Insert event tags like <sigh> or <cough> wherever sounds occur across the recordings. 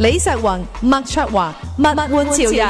李石雲、麥卓華、物物玩潮人，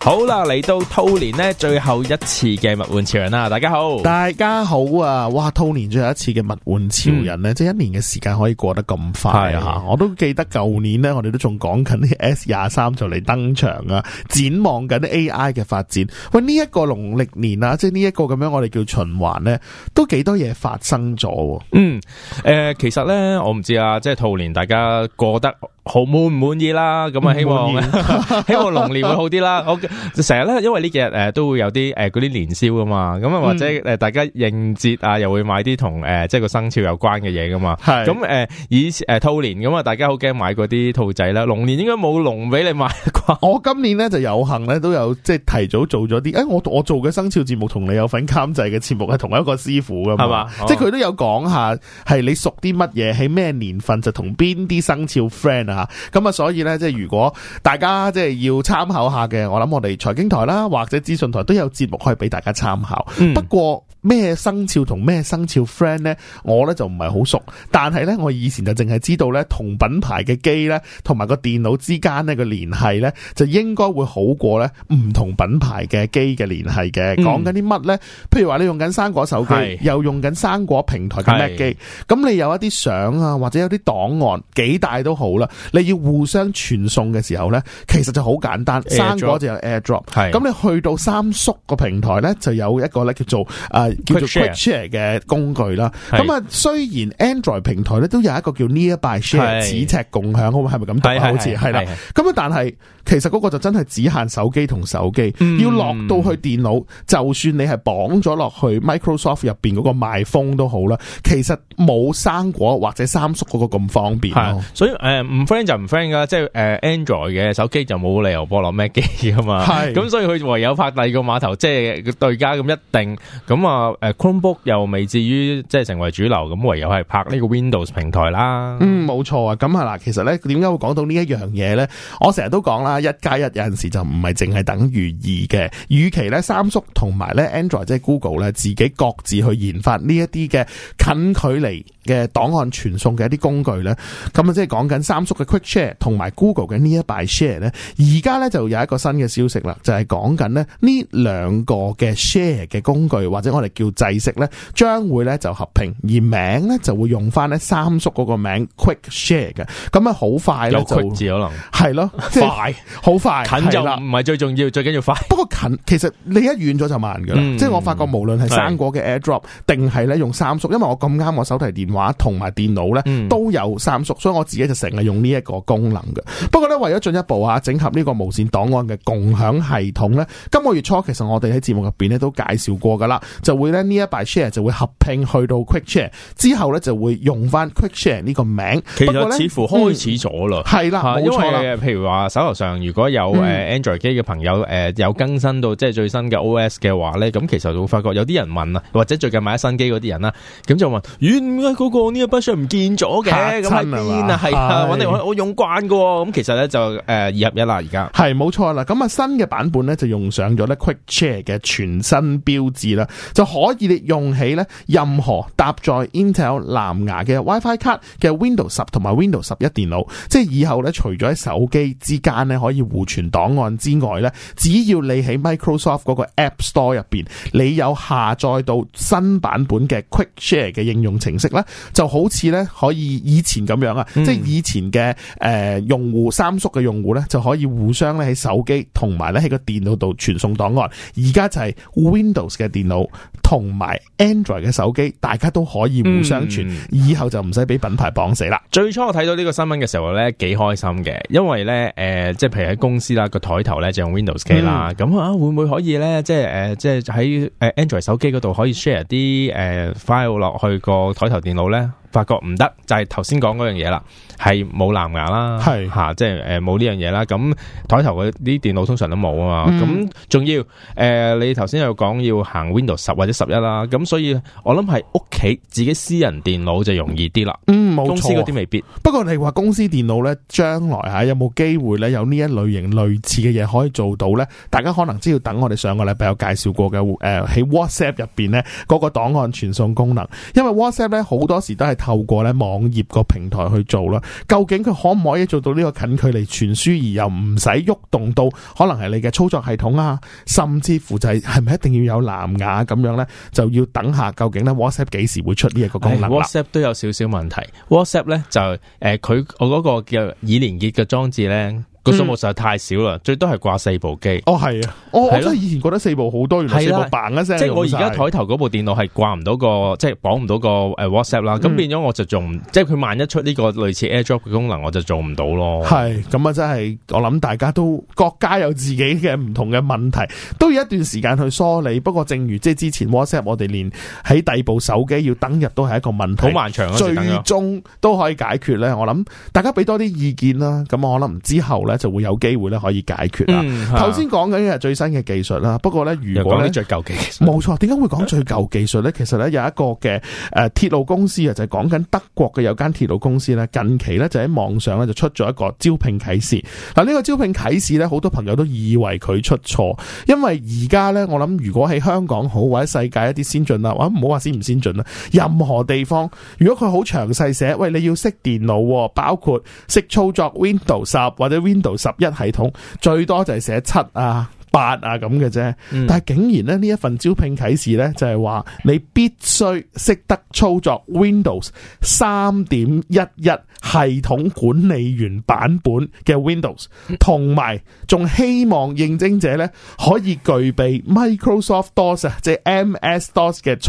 好啦，嚟到兔年呢最後一次嘅物玩潮人啦！大家好，大家好啊！哇，兔年最後一次嘅物玩潮人呢，嗯、即係一年嘅時間可以過得咁快啊！我都記得舊年呢，我哋都仲講緊啲 S 廿三就嚟登場啊，展望緊啲 AI 嘅發展。喂，呢、這、一個農曆年啊，即係呢一個咁樣，我哋叫循環呢，都幾多嘢發生咗，啊。嗯，誒、呃，其實呢，我唔知啊，即係兔年，大家過得。好滿唔滿意啦，咁啊希望 <laughs> 希望龍年會好啲啦。 <laughs> 我成日咧，因為呢幾日誒都會有啲誒嗰啲年宵噶嘛，咁啊或者誒大家應節啊，又會買啲同誒即係個生肖有關嘅嘢噶嘛。咁誒以前誒兔、啊、年咁啊，大家好驚買嗰啲兔仔啦。龍年應該冇龍俾你買啩。我今年咧就有幸咧都有即係提早做咗啲誒我我做嘅生肖節目同你有份監製嘅節目係同一個師傅噶係嘛？即係佢都有講下係你熟啲乜嘢喺咩年份就同邊啲生肖 friend、啊咁啊，所以呢，即係如果大家即係要參考下嘅，我諗我哋財經台啦，或者資訊台都有節目可以俾大家參考。嗯。不過，咩生肖同咩生肖 friend 咧？我咧就唔係好熟，但係咧我以前就淨係知道咧同品牌嘅機咧，同埋個電腦之間咧個聯繫咧，就應該會好過咧唔同品牌嘅機嘅聯繫嘅。講緊啲乜咧？譬如話你用緊生果手機，又用緊生果平台嘅 Mac 機，咁你有一啲相啊，或者有啲檔案幾大都好啦，你要互相傳送嘅時候咧，其實就好簡單，生果就有 AirDrop。咁，你去到三叔個平台咧，就有一個咧叫做誒，呃叫做 Quick Share 嘅工具啦，咁啊，雖然 Android 平台咧都有一個叫 Nearby Share 指尺共享，好嗎？係咪咁都好似係啦？咁啊，但係其實嗰個就真係只限手機同手機、嗯、要落到去電腦，就算你係綁咗落去 Microsoft 入邊嗰個賣風都好啦，其實冇生果或者三叔嗰個咁方便。所以誒唔 friend 就唔 friend 噶，即係誒 Android 嘅手機就冇理由播落 Mac 機嘛。係咁所以佢唯有拍第二個碼頭，即、就、係、是、對家咁一定咁啊。誒，Chromebook 又未至於即係成為主流，咁唯有係拍呢個 Windows 平台啦。嗯，冇錯啊。咁啊嗱，其實咧，點解會講到呢一樣嘢咧？我成日都講啦，一加一有陣時就唔係淨係等於二嘅。與其咧，三叔同埋咧 Android 即係 Google 咧，自己各自去研發呢一啲嘅近距離嘅檔案傳送嘅一啲工具咧，咁啊即係講緊三叔嘅 Quick Share 同埋 Google 嘅 Nearby Share 咧，而家咧就有一個新嘅消息啦，就係講緊咧呢兩個嘅 Share 嘅工具或者我哋叫制式咧，將會咧就合併，而名咧就會用翻咧三叔嗰個名 Quick Share 嘅，咁啊好快咧 Quick 字可能係咯，就是、 <laughs> 快好快近就唔係最重要， <laughs> 最緊要快。不過近其實你一遠咗就慢噶啦、嗯，即係我發覺無論係生果嘅 AirDrop 定係咧用三叔，因為我咁啱我手提電。話同埋電腦咧都有三屬，所以我自己就成日用呢一個功能嘅。不過咧，為咗進一步啊整合呢個無線檔案嘅共享系統咧，今個月初其實我哋喺節目入邊咧都介紹過噶啦，就會咧 Nearby Share 就會合併去到 Quick Share 之後咧就會用翻 Quick Share 呢個名。其實似乎開始咗啦，係、嗯、啦，冇錯啦。譬如話手頭上如果有誒 Android 機嘅朋友誒有更新到即係最新嘅 OS 嘅話咧，咁、嗯、其實就會發覺有啲人問啊，或者最近買咗新機嗰啲人啦，咁就問原。哥哥這個、不過呢一筆唔見咗嘅，咁喺邊啊？係啊，我用慣嘅，咁其實咧就誒二合一啦，而家係冇錯啦。咁啊新嘅版本咧就用上咗咧 Quick Share 嘅全新標誌啦，就可以你用起咧任何搭載 Intel 藍牙嘅 WiFi 卡嘅 Windows 十同埋 Windows 十一電腦，即係以後咧除咗喺手機之間咧可以互傳檔案之外咧，只要你喺 Microsoft 嗰個 App Store 入邊，你有下載到新版本嘅 Quick Share 嘅應用程式咧。就好似咧可以以前咁樣啊，嗯、即係以前嘅誒用戶三叔嘅用戶咧就可以互相咧喺手機同埋咧喺個電腦度傳送檔案，而家就係 Windows 嘅電腦。同埋 Android 嘅手機，大家都可以互相傳，嗯，以後就唔使俾品牌綁死啦，嗯。最初我睇到呢個新聞嘅時候咧，幾開心嘅，因為咧，誒、呃，即係譬如喺公司啦個台頭咧就用 Windows 機啦，咁、嗯、啊會唔會可以咧，即係誒，即係喺誒 Android 手機嗰度可以 share 啲誒 file 落去個台頭電腦咧？發覺唔得，就係頭先講嗰樣嘢啦。係冇藍牙啦，係吓、啊，即係誒冇呢樣嘢啦。咁台頭嗰啲電腦通常都冇啊嘛。咁、嗯、仲要誒、呃，你頭先又講要行 Windows 十或者十一啦。咁所以我諗係屋企自己私人電腦就容易啲啦。嗯，冇錯。公司嗰啲未必。不過你話公司電腦呢，將來吓有冇機會呢？有呢一類型類似嘅嘢可以做到呢？大家可能只要等我哋上個禮拜有介紹過嘅，誒、呃、喺 WhatsApp 入邊呢嗰、嗰個檔案傳送功能，因為 WhatsApp 呢好多時都係透過呢網頁個平台去做啦。究竟佢可唔可以做到呢個近距離傳輸，而又唔使喐動到可能係你嘅操作系統啊，甚至乎就係係咪一定要有藍牙咁、啊、樣呢？就要等下究竟呢 WhatsApp 幾時會出呢一個功能、哎、WhatsApp 都有少少問題，WhatsApp 呢就誒，佢、呃、我嗰個叫以連結嘅裝置呢。個數目實在太少啦、嗯，最多係掛四部機。哦，係啊，係啊、哦，我真係以前覺得四部好多，原來四部嘭一聲，即係我而家枱頭嗰部電腦係掛唔到個，即係綁唔到個誒 WhatsApp 啦、嗯。咁變咗我就做，即係佢萬一出呢個類似 AirDrop 嘅功能，我就做唔到咯。係咁啊，真係、就是、我諗大家都國家有自己嘅唔同嘅問題，都要一段時間去梳理。不過正如即係之前 WhatsApp，我哋連喺第二部手機要登入都係一個問題，好漫長。最終都可以解決咧，我諗大家俾多啲意見啦。咁我諗之後呢就會有機會咧可以解決啦。頭先講緊嘅最新嘅技術啦、嗯，不過咧如果咧最舊技術，冇錯。點解會講最舊技術咧？ <laughs> 其實咧有一個嘅誒、呃、鐵路公司啊，就係講緊德國嘅有間鐵路公司咧，近期咧就喺網上咧就出咗一個招聘啟事。嗱、呃，呢、這個招聘啟事咧，好多朋友都以為佢出錯，因為而家咧我諗，如果喺香港好或者世界一啲先進啦，或者唔好話先唔先進啦，任何地方如果佢好詳細寫，喂你要識電腦，包括識操作 Windows 10或者 Windows。到十一系統最多就係寫七啊。八啊咁嘅啫。但係竟然呢一份招聘啟事呢，就係話你必須識得操作 rev�Senator e -mail ừ Windows 3.11系統管理員版本嘅 Windows，同埋仲希望應徵者呢可以具備 Microsoft DOS 即係 MS DOS< 呃>，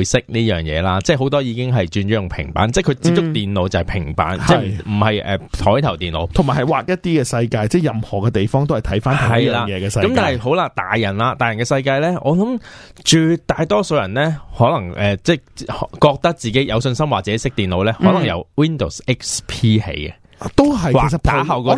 會識呢樣嘢啦，即係好多已經係轉咗用平板，即係佢接觸電腦就係平板，嗯、即係唔係誒台頭電腦，同埋係畫一啲嘅世界，即係任何嘅地方都係睇翻同一樣嘢嘅世界。咁但係好啦，大人啦，大人嘅世界咧，我諗絕大多數人咧，可能誒、呃，即係覺得自己有信心或者識電腦咧，可能由 Windows XP 起嘅。都係，其實普及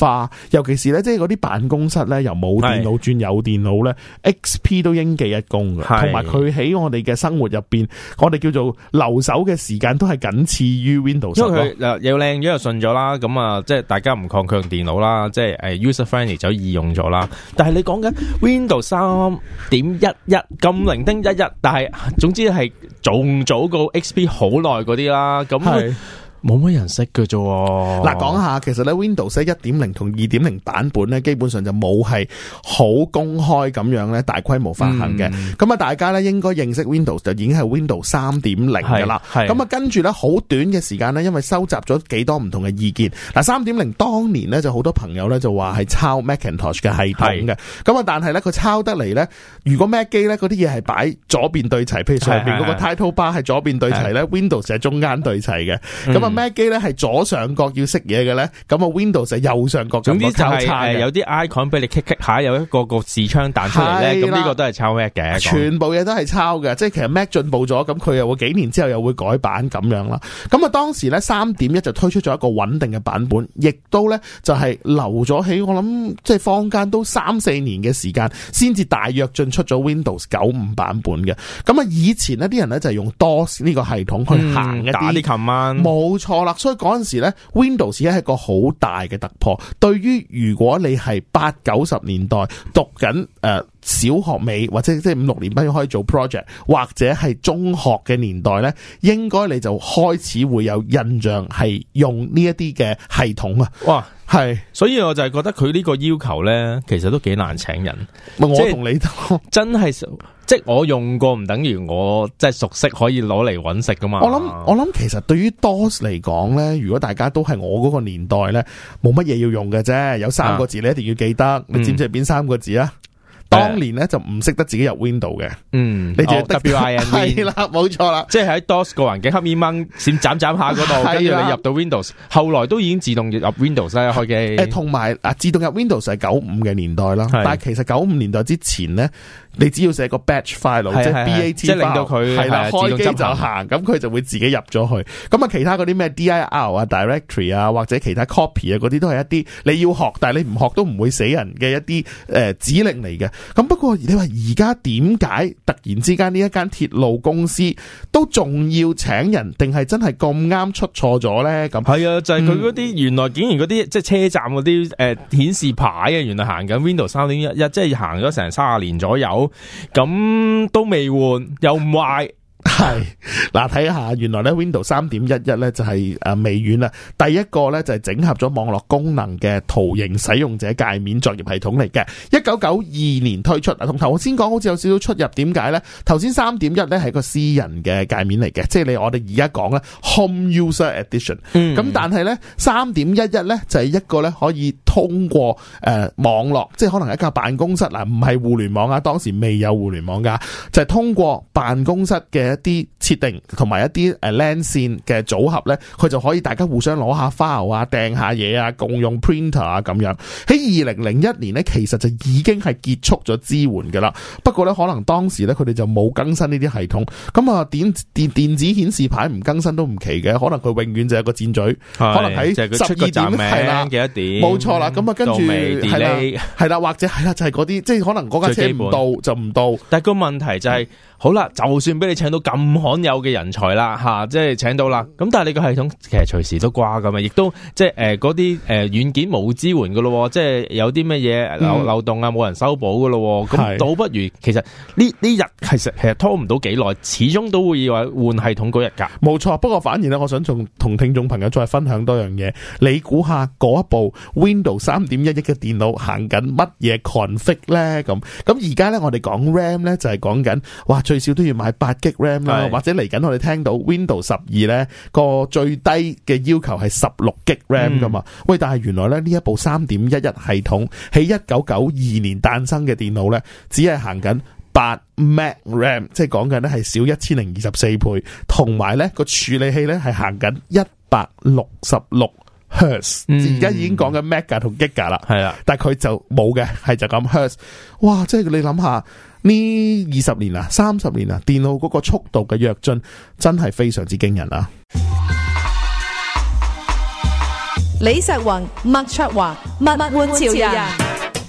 化，尤其是咧，即係嗰啲辦公室咧，由冇電腦轉有電腦咧，XP 都應記一功嘅。同埋佢喺我哋嘅生活入邊，我哋叫做留守嘅時間都係僅次於 Windows。佢又靚咗又順咗啦，咁啊，即係大家唔抗拒用電腦啦，即係誒 user friendly 就易用咗啦。但係你講緊 Windows 三點一一咁零丁一一，但係總之係仲早過 XP 好耐嗰啲啦。咁。冇乜人識嘅啫。嗱、啊，講下其實咧，Windows 一點零同二點零版本咧，基本上就冇係好公開咁樣咧，大規模發行嘅。咁、嗯、啊，大家咧應該認識 Windows 就已經係 Windows 三點零噶啦。咁啊，跟住咧好短嘅時間咧，因為收集咗幾多唔同嘅意見。嗱、啊，三點零當年咧就好多朋友咧就話係抄 Macintosh 嘅系統嘅。咁啊，但係咧佢抄得嚟咧，如果 Mac 機咧嗰啲嘢係擺左邊對齊，譬如說上邊嗰個 Title Bar 係左邊對齊咧，Windows 係中間對齊嘅。咁、嗯嗯個、嗯、Mac 機咧係左上角要識嘢嘅咧，咁個 Windows 就右上角。總之就係有啲 icon 俾你 click click 下，有一個個視窗彈出嚟咧，咁呢個都係抄 Mac 嘅，全部嘢都係抄嘅。即係其實 Mac 進步咗，咁佢又會幾年之後又會改版咁樣啦。咁啊，當時咧三點一就推出咗一個穩定嘅版本，亦都咧就係留咗起我諗，即係坊間都三四年嘅時間，先至大約進出咗 Windows 九五版本嘅。咁啊，以前呢啲人咧就係用 DOS 呢個系統去行一啲冇。嗯錯啦，所以嗰陣時咧，Windows 咧，係一個好大嘅突破。對於如果你係八九十年代讀緊誒。呃小學尾或者即係五六年班要開始做 project，或者係中學嘅年代呢，應該你就開始會有印象係用呢一啲嘅系統啊！哇，係所以我就係覺得佢呢個要求呢，其實都幾難請人。我同你都真係，即係我用過唔等於我即係熟悉可以攞嚟揾食噶嘛？我諗我諗，其實對於 DOS 嚟講呢，如果大家都係我嗰個年代呢，冇乜嘢要用嘅啫。有三個字你一定要記得，啊、你知唔知係邊三個字啊？嗯當年咧、yeah. 就唔識得自己入 Window 嘅，嗯，你仲要 WIN 係啦，冇錯啦，即係喺 DOS 個環境黑咪掹閃斬斬下嗰度，跟 <laughs> 住你入到 Windows，後來都已經自動入 Windows 啦，開機，同埋啊，自動入 Windows 係九五嘅年代啦，但係其實九五年代之前咧，你只要寫個 Batch file 即係 BAT，file, 即係令到佢係啦，開機就行，咁佢就會自己入咗去。咁啊，其他嗰啲咩 DIR 啊、Directory 啊，或者其他 Copy 啊，嗰啲都係一啲你要學，但係你唔學都唔會死人嘅一啲誒指令嚟嘅。咁不過你話而家點解突然之間呢一間鐵路公司都仲要請人，定係真係咁啱出錯咗呢？咁係、嗯、啊，就係佢嗰啲原來竟然嗰啲即係車站嗰啲誒顯示牌啊，原來行緊 Windows 三點一一，即係行咗成三十年左右，咁都未換又唔壞。係嗱，睇下原來咧，Windows 三點一一咧就係誒微軟啦，第一個咧就係整合咗網絡功能嘅圖形使用者界面作業系統嚟嘅。一九九二年推出，同頭先講好似有少少出入，點解咧？頭先三點一咧係個私人嘅界面嚟嘅，即係你我哋而家講咧 Home User Edition、嗯。咁但係咧三點一一咧就係一個咧可以通過誒網絡，即係可能係一間辦公室嗱，唔係互聯網啊，當時未有互聯網噶，就係、是、通過辦公室嘅。一啲設定同埋一啲誒 LAN 線嘅組合咧，佢就可以大家互相攞下 file 啊，掟下嘢啊，共用 printer 啊，咁樣。喺二零零一年咧，其實就已經係結束咗支援噶啦。不過咧，可能當時咧，佢哋就冇更新呢啲系統。咁啊，電電電子顯示牌唔更新都唔奇嘅，可能佢永遠就係個戰嘴，可能喺十二點係、就是、啦，幾多點？冇錯啦。咁啊，跟住係啦，係啦，或者係啦，就係嗰啲，即係可能嗰架車唔到就唔到。但係個問題就係、是。好啦，就算俾你請到咁罕有嘅人才啦，吓，即係請到啦。咁但係你個系統其實隨時都掛噶嘛，亦都即係誒嗰啲誒軟件冇支援噶咯，即係有啲乜嘢漏漏洞啊，冇、嗯、人修補噶咯。咁倒不如其實呢呢日其實其實拖唔到幾耐，始終都會要換系統嗰日噶。冇錯，不過反而咧，我想同同聽眾朋友再分享多樣嘢。你估下嗰一部 Windows 三點一一嘅電腦行緊乜嘢 config 咧？咁咁而家咧，我哋講 RAM 咧，就係講緊哇。最少都要買八 G RAM 啦，或者嚟緊我哋聽到 Windows 十二呢個最低嘅要求係十六 G RAM 噶嘛？喂，但係原來咧，呢一部三點一一系統喺一九九二年誕生嘅電腦呢，只係行緊八 Meg RAM，即係講緊呢係少一千零二十四倍，同埋呢個處理器呢，係行緊一百六十六。Hertz，而家已經講緊 mega 同 giga 啦，係啦，但係佢就冇嘅，係就咁 hertz。哇，即係你諗下呢二十年啊，三十年啊，電腦嗰個速度嘅躍進真係非常之驚人啊！李石雲、麥卓華、物玩潮人，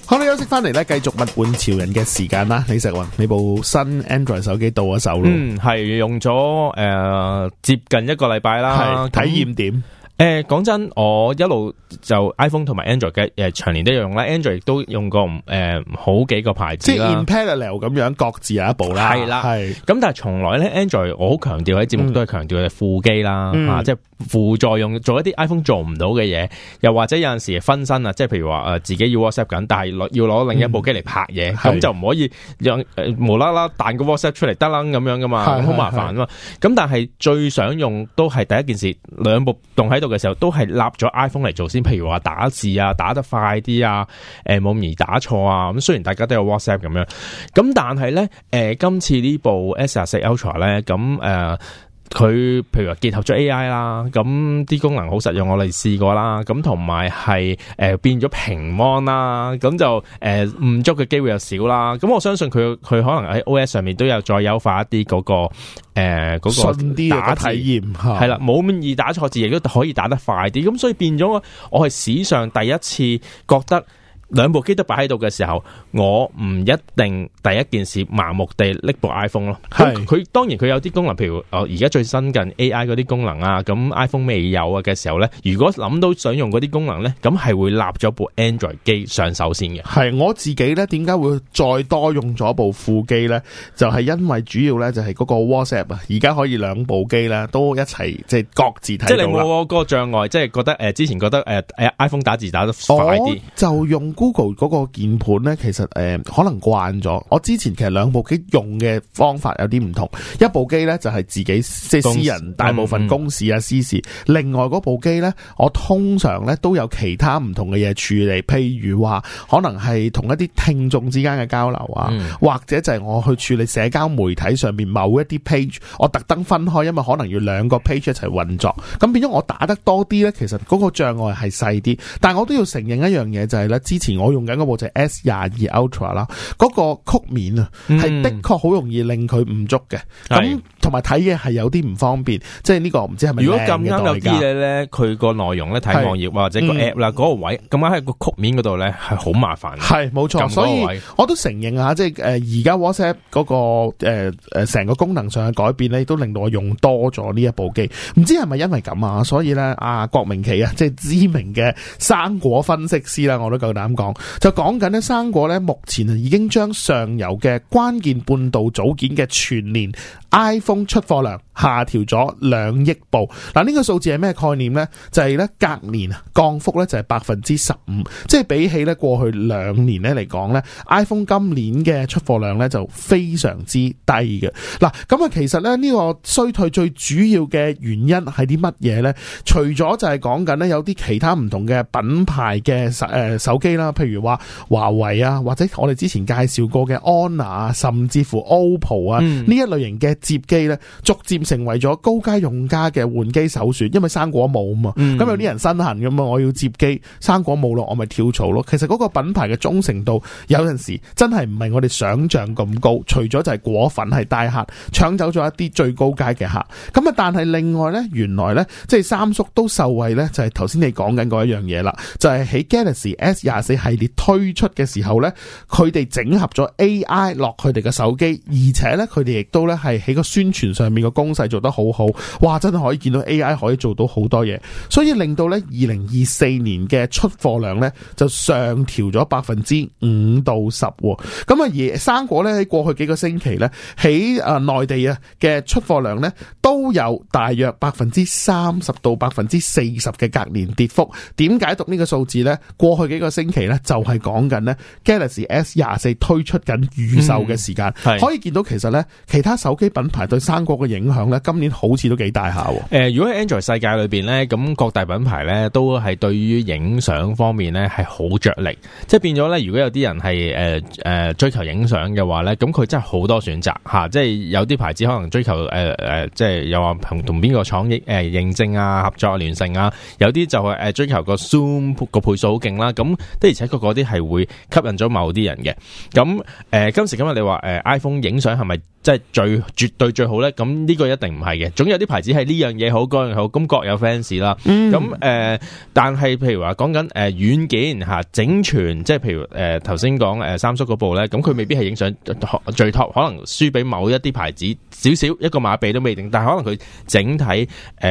好啦，休息翻嚟，咧，繼續物玩潮人嘅時間啦。李石雲，你部新 Android 手機到咗手啦？嗯，係用咗誒接近一個禮拜啦，體驗點？誒、欸，講真，我一路就 iPhone 同埋 Android 嘅誒，長、呃、年都有用啦。Android 都用過誒、呃，好幾個牌子即係 parallel 咁樣，各自有一部啦。係、啊、啦，係、嗯。咁但係從來咧，Android 我好強調喺節目都係強調嘅副機啦，即係副作用做一啲 iPhone 做唔到嘅嘢，又或者有陣時分身啊，即係譬如話誒、呃、自己 WhatsApp，要 WhatsApp 緊，但係要攞另一部機嚟拍嘢，咁、嗯、就唔可以讓、呃、無啦啦彈個 WhatsApp 出嚟得啦咁樣噶嘛，咁好麻煩啊嘛。咁但係最想用都係第一件事，兩部動喺度。嘅時候都係立咗 iPhone 嚟做先，譬如話打字啊，打得快啲啊，誒，冇咁易打錯啊。咁雖然大家都有 WhatsApp 咁樣，咁但係咧，誒、呃，今次部呢部 S 24 Ultra 咧，咁、呃、誒。佢譬如話結合咗 A I 啦，咁啲功能好實用，我哋試過啦，咁同埋係誒變咗平 Mon 啦，咁就誒誤觸嘅機會又少啦，咁我相信佢佢可能喺 O S 上面都有再優化一啲嗰、嗰個誒嗰、呃嗰個打字順啲嘅體驗，係啦冇咁易打錯字，亦都可以打得快啲，咁所以變咗我我係史上第一次覺得。兩部機都擺喺度嘅時候，我唔一定第一件事盲目地拎部 iPhone 咯。係佢當然佢有啲功能，譬如哦而家最新近 AI 嗰啲功能啊，咁 iPhone 未有啊嘅時候咧，如果諗到想用嗰啲功能咧，咁係會立咗部 Android 機上手先嘅。係我自己咧，點解會再多用咗部副機咧？就係、是、因為主要咧就係嗰個 WhatsApp 啊，而家可以兩部機咧都一齊即係各自睇到啦。即係你冇個個障礙，即、就、係、是、覺得誒、呃、之前覺得誒誒、呃、iPhone 打字打得快啲，就用、嗯。Google 嗰個鍵盤咧，其實誒、呃、可能慣咗。我之前其實兩部機用嘅方法有啲唔同，一部機咧就係自己即係私人大部分公事啊、嗯、私事，另外嗰部機咧，我通常咧都有其他唔同嘅嘢處理，譬如話可能係同一啲聽眾之間嘅交流啊、嗯，或者就係我去處理社交媒體上面某一啲 page，我特登分開，因為可能要兩個 page 一齊運作。咁變咗我打得多啲咧，其實嗰個障礙係細啲，但係我都要承認一樣嘢就係、是、咧，之前。我用緊嗰部就係 S 廿二 Ultra 啦，嗰個曲面啊，係的確好容易令佢唔足嘅。咁同埋睇嘢係有啲唔方便，即係呢個唔知係咪？如果咁啱有啲嘢咧，佢個內容咧睇網頁或者個 app 啦，嗰個位咁啱喺個樣曲面嗰度咧，係好麻煩。係冇錯，所以我都承認啊，即係而家 WhatsApp 嗰、嗰個成、呃、個功能上嘅改變咧，都令到我用多咗呢一部機。唔知係咪因為咁啊？所以咧，啊郭明琪啊，即係知名嘅生果分析師啦，我都夠膽。講就講緊，呢生果呢，目前已經將上游嘅關鍵半導體組件嘅全年。iPhone 出貨量下調咗兩億部，嗱、這、呢個數字係咩概念咧？就係、是、咧隔年降幅咧就係百分之十五，即係比起咧過去兩年咧嚟講咧，iPhone 今年嘅出貨量咧就非常之低嘅。嗱，咁啊其實咧呢個衰退最主要嘅原因係啲乜嘢咧？除咗就係講緊咧有啲其他唔同嘅品牌嘅誒手機啦，譬如話華為啊，或者我哋之前介紹過嘅 Honor，甚至乎 OPPO 啊、嗯、呢一類型嘅。接機咧，逐漸成為咗高階用家嘅換機首選，因為水果生果冇啊嘛。咁有啲人身痕咁，我要接機，生果冇咯，我咪跳槽咯。其實嗰個品牌嘅忠誠度有陣時真係唔係我哋想象咁高，除咗就係果粉係大客，搶走咗一啲最高階嘅客。咁啊，但係另外咧，原來咧，即係三叔都受惠咧，就係頭先你講緊嗰一樣嘢啦，就係、是、喺 Galaxy S 廿四系列推出嘅時候咧，佢哋整合咗 AI 落佢哋嘅手機，而且咧佢哋亦都咧係。喺個宣傳上面嘅攻勢做得好好，哇！真係可以見到 AI 可以做到好多嘢，所以令到呢二零二四年嘅出貨量呢就上調咗百分之五到十。咁啊，而生果呢喺過去幾個星期呢，喺啊內地啊嘅出貨量呢都有大約百分之三十到百分之四十嘅隔年跌幅。點解讀呢個數字呢？過去幾個星期呢，就係講緊呢 Galaxy S 廿四推出緊預售嘅時間。嗯，可以見到其實呢其他手機。品牌對三國嘅影響咧，今年好似都幾大下，啊。誒、呃，如果 Android 世界裏邊咧，咁各大品牌咧都係對於影相方面咧係好着力，即係變咗咧，如果有啲人係誒誒追求影相嘅話咧，咁佢真係好多選擇吓，啊，即係有啲牌子可能追求誒誒、呃呃，即係又話同同邊個廠誒、呃、認證啊，合作、啊、聯名啊，有啲就係誒追求個 zoom 個倍數好勁啦。咁的而且確嗰啲係會吸引咗某啲人嘅。咁誒、呃，今時今日你話誒、呃、iPhone 影相係咪即係最絕對最好咧，咁呢個一定唔係嘅，總有啲牌子係呢樣嘢好，嗰樣好，咁各有 fans 啦。咁、嗯、誒、呃，但係譬如話講緊誒軟件吓整全，即係譬如誒頭先講誒三叔嗰部咧，咁佢未必係影相最 top，可能輸俾某一啲牌子。少少一個馬鼻都未定，但係可能佢整體誒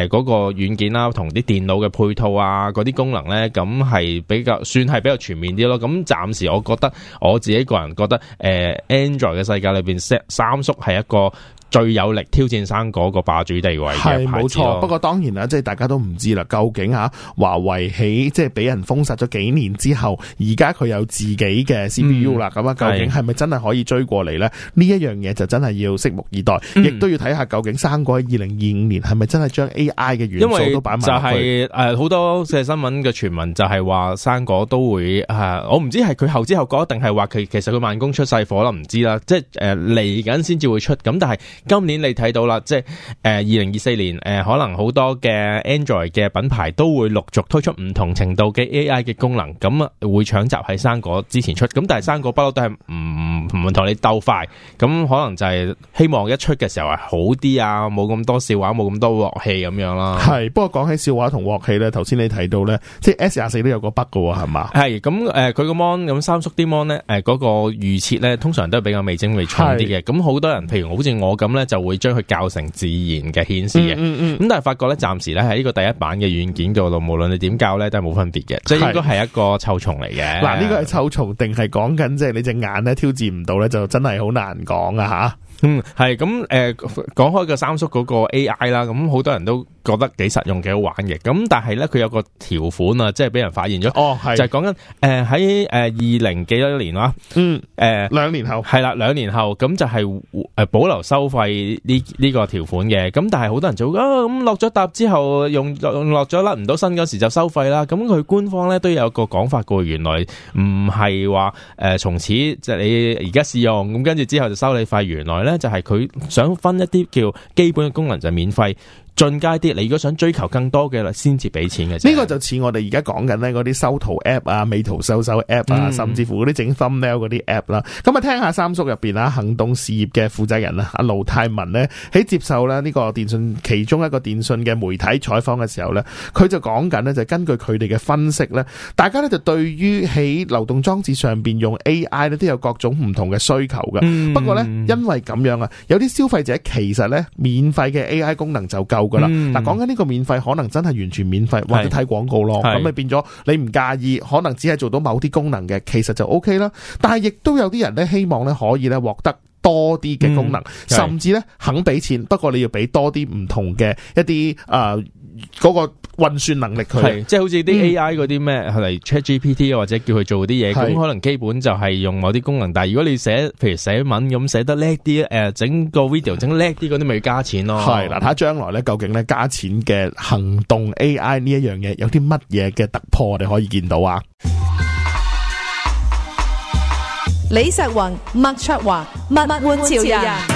嗰個軟件啦，同啲電腦嘅配套啊，嗰啲功能呢，咁係比較算係比較全面啲咯。咁暫時我覺得我自己個人覺得，誒、呃、Android 嘅世界裏邊 set 三叔係一個最有力挑戰生果嗰個霸主地位嘅牌子。係冇錯，不過當然啦，即係大家都唔知啦，究竟吓、啊、華為喺即係俾人封殺咗幾年之後，而家佢有自己嘅 CPU 啦，咁、嗯、啊究竟係咪真係可以追過嚟呢？呢一樣嘢就真係要拭目以待。亦都要睇下究竟生果喺二零二五年係咪真係將 AI 嘅元素都擺埋？因為就係誒，好多社新聞嘅傳聞就係話生果都會誒，我唔知係佢後知後覺，定係話佢其實佢慢工出細火啦，唔知啦。即係誒嚟緊先至會出。咁但係今年你睇到啦，即係誒二零二四年誒，可能好多嘅 Android 嘅品牌都會陸續推出唔同程度嘅 AI 嘅功能，咁啊會搶集喺生果之前出。咁但係生果不嬲都係唔唔同你鬥快，咁可能就係希望一出嘅。時候係好啲啊，冇咁多笑話，冇咁多鑊氣咁樣啦。係，不過講起笑話同鑊氣咧，頭先你睇到咧，即係 S 廿四都有個 bug 噶係嘛？係咁誒，佢、呃呃那個 mon 咁三叔啲 mon 咧，誒嗰個預設咧，通常都係比較味精味重啲嘅。咁好多人，譬如好似我咁咧，就會將佢較成自然嘅顯示嘅。咁、嗯嗯嗯、但係發覺咧，暫時咧喺呢個第一版嘅軟件度，無論你點較咧，都係冇分別嘅。即係應該係一個臭蟲嚟嘅。嗱，呢、呢個係臭蟲定係講緊即係你隻眼咧挑戰唔到咧，就真係好難講啊吓。嗯，係咁誒，講開個三叔嗰個 A I 啦，咁好多人都覺得幾實用，幾好玩嘅。咁但係咧，佢有個條款啊，即係俾人發現咗。哦，係就係講緊誒喺誒二零幾多年啦、呃。嗯，誒、嗯、兩年後係啦，兩年後咁就係誒保留收費呢呢個條款嘅。咁但係好多人就啊咁落咗搭之後用落咗甩唔到身時候就收費啦。咁佢官方咧都有個講法過原來唔係話誒從此即係、就係、你而家試用，咁跟住之後就收你費。原來呢。咧就係、是、佢想分一啲叫基本嘅功能就免費。進階啲，你如果想追求更多嘅咧，先至俾錢嘅。呢個就似我哋而家講緊咧，嗰啲修圖 app 啊、美圖秀秀 app 啊，甚至乎嗰啲整 Thumbnail 嗰啲 app 啦。咁啊，聽下三叔入邊啊，行動事業嘅負責人啊，阿盧泰文咧，喺接受咧呢個電信其中一個電信嘅媒體採訪嘅時候咧，佢就講緊咧，就根據佢哋嘅分析咧，大家咧就對於喺流動裝置上邊用 AI 咧都有各種唔同嘅需求嘅。不過咧，因為咁樣啊，有啲消費者其實咧，免費嘅 AI 功能就夠。嗱、嗯，講緊呢個免費，可能真係完全免費，或者睇廣告咯，咁咪變咗你唔介意，可能只係做到某啲功能嘅，其實就 OK 啦。但係亦都有啲人咧，希望咧可以咧獲得。多啲嘅功能，嗯、甚至咧肯俾錢，不過你要俾多啲唔同嘅一啲啊，嗰、呃嗰個運算能力佢，即係好似啲 AI 嗰啲咩嚟 ChatGPT 啊，或者叫佢做啲嘢，咁可能基本就係用某啲功能。但係如果你寫，譬如寫文咁寫得叻啲誒整個 video 整叻啲嗰啲咪加錢咯。係嗱，睇下將來咧究竟咧加錢嘅行動 AI 呢一樣嘢有啲乜嘢嘅突破，你可以見到啊。李石宏、麥卓華，物玩潮人。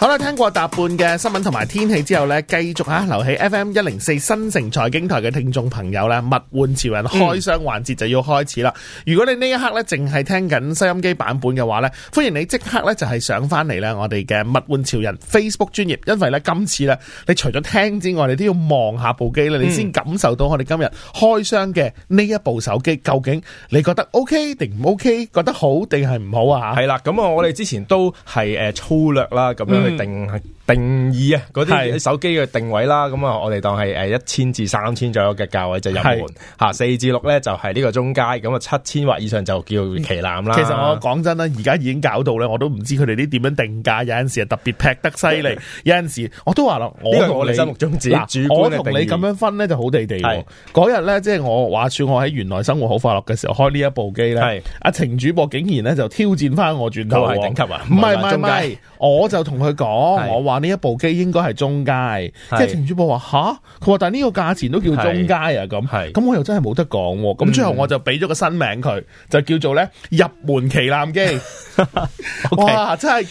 好啦，聽過大半嘅新聞同埋天氣之後呢，繼續吓留喺 F M 一零四新城財經台嘅聽眾朋友呢，物玩潮人開箱環節就要開始啦、嗯。如果你呢一刻呢淨係聽緊收音機版本嘅話呢，歡迎你即刻呢就係上翻嚟呢我哋嘅物玩潮人 Facebook 專頁，因為呢今次呢，你除咗聽之外，你都要望下部機咧，你先感受到我哋今日開箱嘅呢一部手機究竟你覺得 OK 定唔 OK？覺得好定係唔好啊？係、嗯、啦，咁、嗯、啊，我哋之前都係誒粗略啦咁樣。一定係。嗯。定義啊，嗰啲手機嘅定位啦，咁啊，我哋當係誒一千至三千左右嘅價位就入門吓，四至六咧就係呢個中階，咁啊七千或以上就叫旗艦啦、嗯。其實我講真啦，而家已經搞到咧，我都唔知佢哋啲點樣定價，有陣時特別劈得犀利、嗯，有陣時我都話喇：「我哋心目中旗艦嘅定義，我同你咁樣分咧就好地地。係嗰日咧，即係、就是、我話說我喺原來生活好快樂嘅時候，開呢一部機咧，阿、啊、程主播竟然咧就挑戰翻我轉頭，係頂級啊，唔係唔係唔係，我就同佢講，我話。呢、啊、一部機應該係中階，即係程主播話吓，佢話但係呢個價錢都叫中階啊，咁，咁我又真係冇得講、啊，咁最後我就俾咗個新名佢、嗯，就叫做咧入門旗艦機， <laughs> okay. 哇，真係。